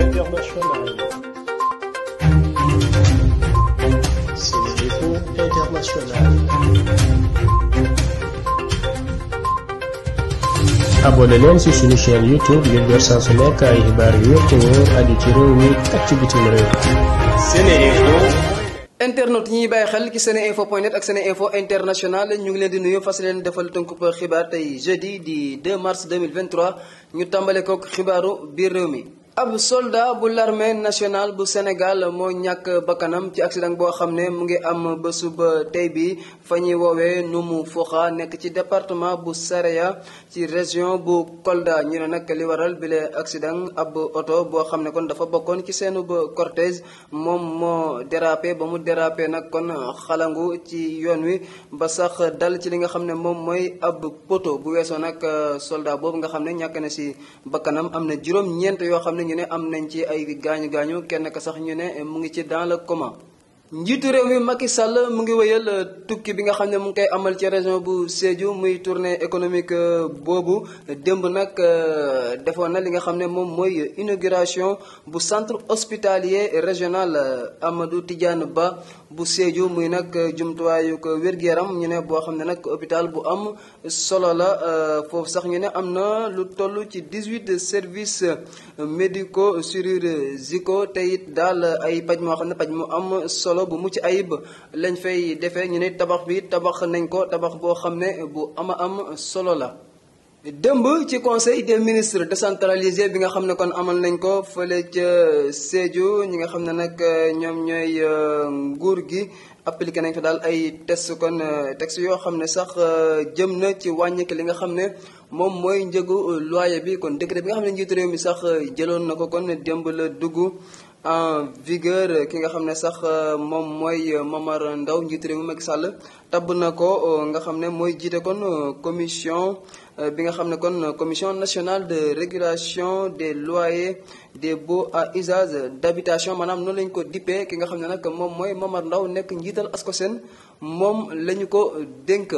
internationale. C'est l'info internationale. abonné leen ci suñu chaîne YouTube ngir jot saa su nekk yu wér te wóor ci réew mi ak ci bitim réew. SeneInfo. internet yi ñuy bàyyi xel ci sene info point net ak sene info international ñu ngi leen di nuyu fas leen defal tënkub xibaar tey jeudi di 2 mars 2023 ñu tàmbale ko xibaaru biir réew mi ab solda bu l'armée national bu Sénégal moo ñàkk bakkanam ci accident boo xam ne mu ngi am ba suba euh, tey bi fa ñuy woowee mu Foxa nekk ci département bu Saraya ci région bu Kolda ñu ne nag li waral bile accident ab oto boo xam ne kon dafa bokkoon ci seenu ba cortège moom moo dérapé ba mu dérapé nag kon xalangu ci yoon wi ba sax dal ci li nga xam ne moom mooy ab poto bu weesoo nag euh, solda boobu nga xam ne ñàkk na si bakkanam am na juróom-ñeent yoo ñu ne am nañ ci ay gaañu gaañu kenn ka sax ñu ne mu ngi ci dans le comment njiitu réew mi Macky Sall mu ngi wéyal euh, tukki bi nga xam ne mu ngi koy amal ci région bu Sédhiou muy tournée économique euh, boobu démb nag euh, defoon na li nga xam ne moom mooy inauguration bu centre hospitalier régional Amadou Tidiane Ba bu Sédhiou muy nag jumtuwaayu ko wér-gu-yaram ñu ne boo xam ne nag hôpital bu am solo la foofu sax ñu ne am na lu toll ci dix-huit services médico chirurgicaux te it daal ay paj moo xam ne paj mu am solo solo bu mucc ayib lañ fay defee ñu ne tabax bi tabax nañ ko tabax boo xam ne bu ama am solo la démb ci conseil des ministres décentralisé bi nga xam ne kon amal nañ ko fële ca Sédhiou ñi nga xam ne nag euh, ñoom ñooy euh, nguur gi appliqué nañ fa daal ay test kon euh, texte yoo xam ne sax jëm na ci wàññi li nga xam ne moom mooy njëgu loyer bi kon décret bi nga xam ne njiitu bi mi sax jëloon na ko kon démb la dugg en vigueur ki nga xam ne sax euh, moom mooy euh, Momar Ndao njiitu réew mi Macky Sall tabb na ko euh, nga xam ne mooy jiite kon commission bi nga xam ne kon commission nationale de régulation des loyers des baux à usage d'habitation maanaam noonu lañ ko dippee ki nga xam ne nag moom mooy Momar Ndao nekk njiital asko ASCOSEN moom lañu ko dénk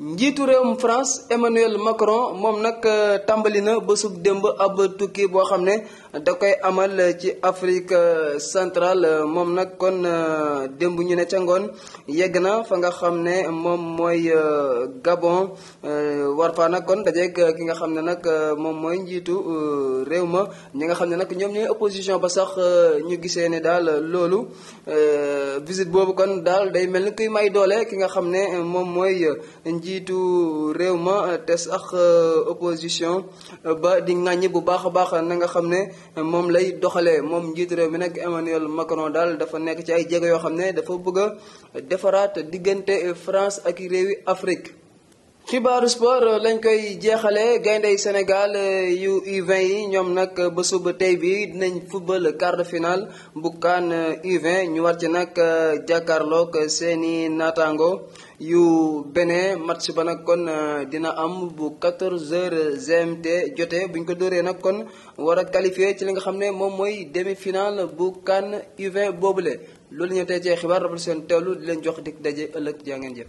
njiitu réewum France Emmanuel Macron moom nag euh, tàmbali na bésub démb ab tukki boo xam ne da koy amal ci Afrique euh, centrale moom nag kon euh, démb ñu ne ca ngoon yegg na fa nga xam ne moom mooy Gabon war fa nag kon dajeeg ki nga xam ne nag moom mooy njiitu réew ma ñi nga xam ne nag ñoom ñooy opposition ba sax ñu gisee ne daal loolu visite boobu kon daal day mel ni kuy may doole ki nga xam ne moom mooy njiitu réew ma euh, te sax euh, opposition euh, ba di ŋàññi bu baax a baax na nga xam ne moom lay doxalee moom njiitu réew mi nag Emmanuel Macron daal dafa nekk ci ay jéego yoo xam ne dafa bëgg defaraat diggante France ak réewi Afrique. xibaaru sport lañ koy jeexalee gayndey Sénégal yu euh, U20 yi ñoom nag ba suba tey bi dinañ football quart final bu CAN euh, u ñu war ci nag euh, jàkkaarloog seeni naataango yu benee match ba nag kon dina am bu 14h GMT jotee buñ ko dóoree nag kon war a qualifié ci li nga xam ne moom mooy demi-finale bu CAN U20 boobule loolu ñu tey ci xibaar rafetlu seen teewlu di leen jox dig daje ëllëg jaa ngeen jëf.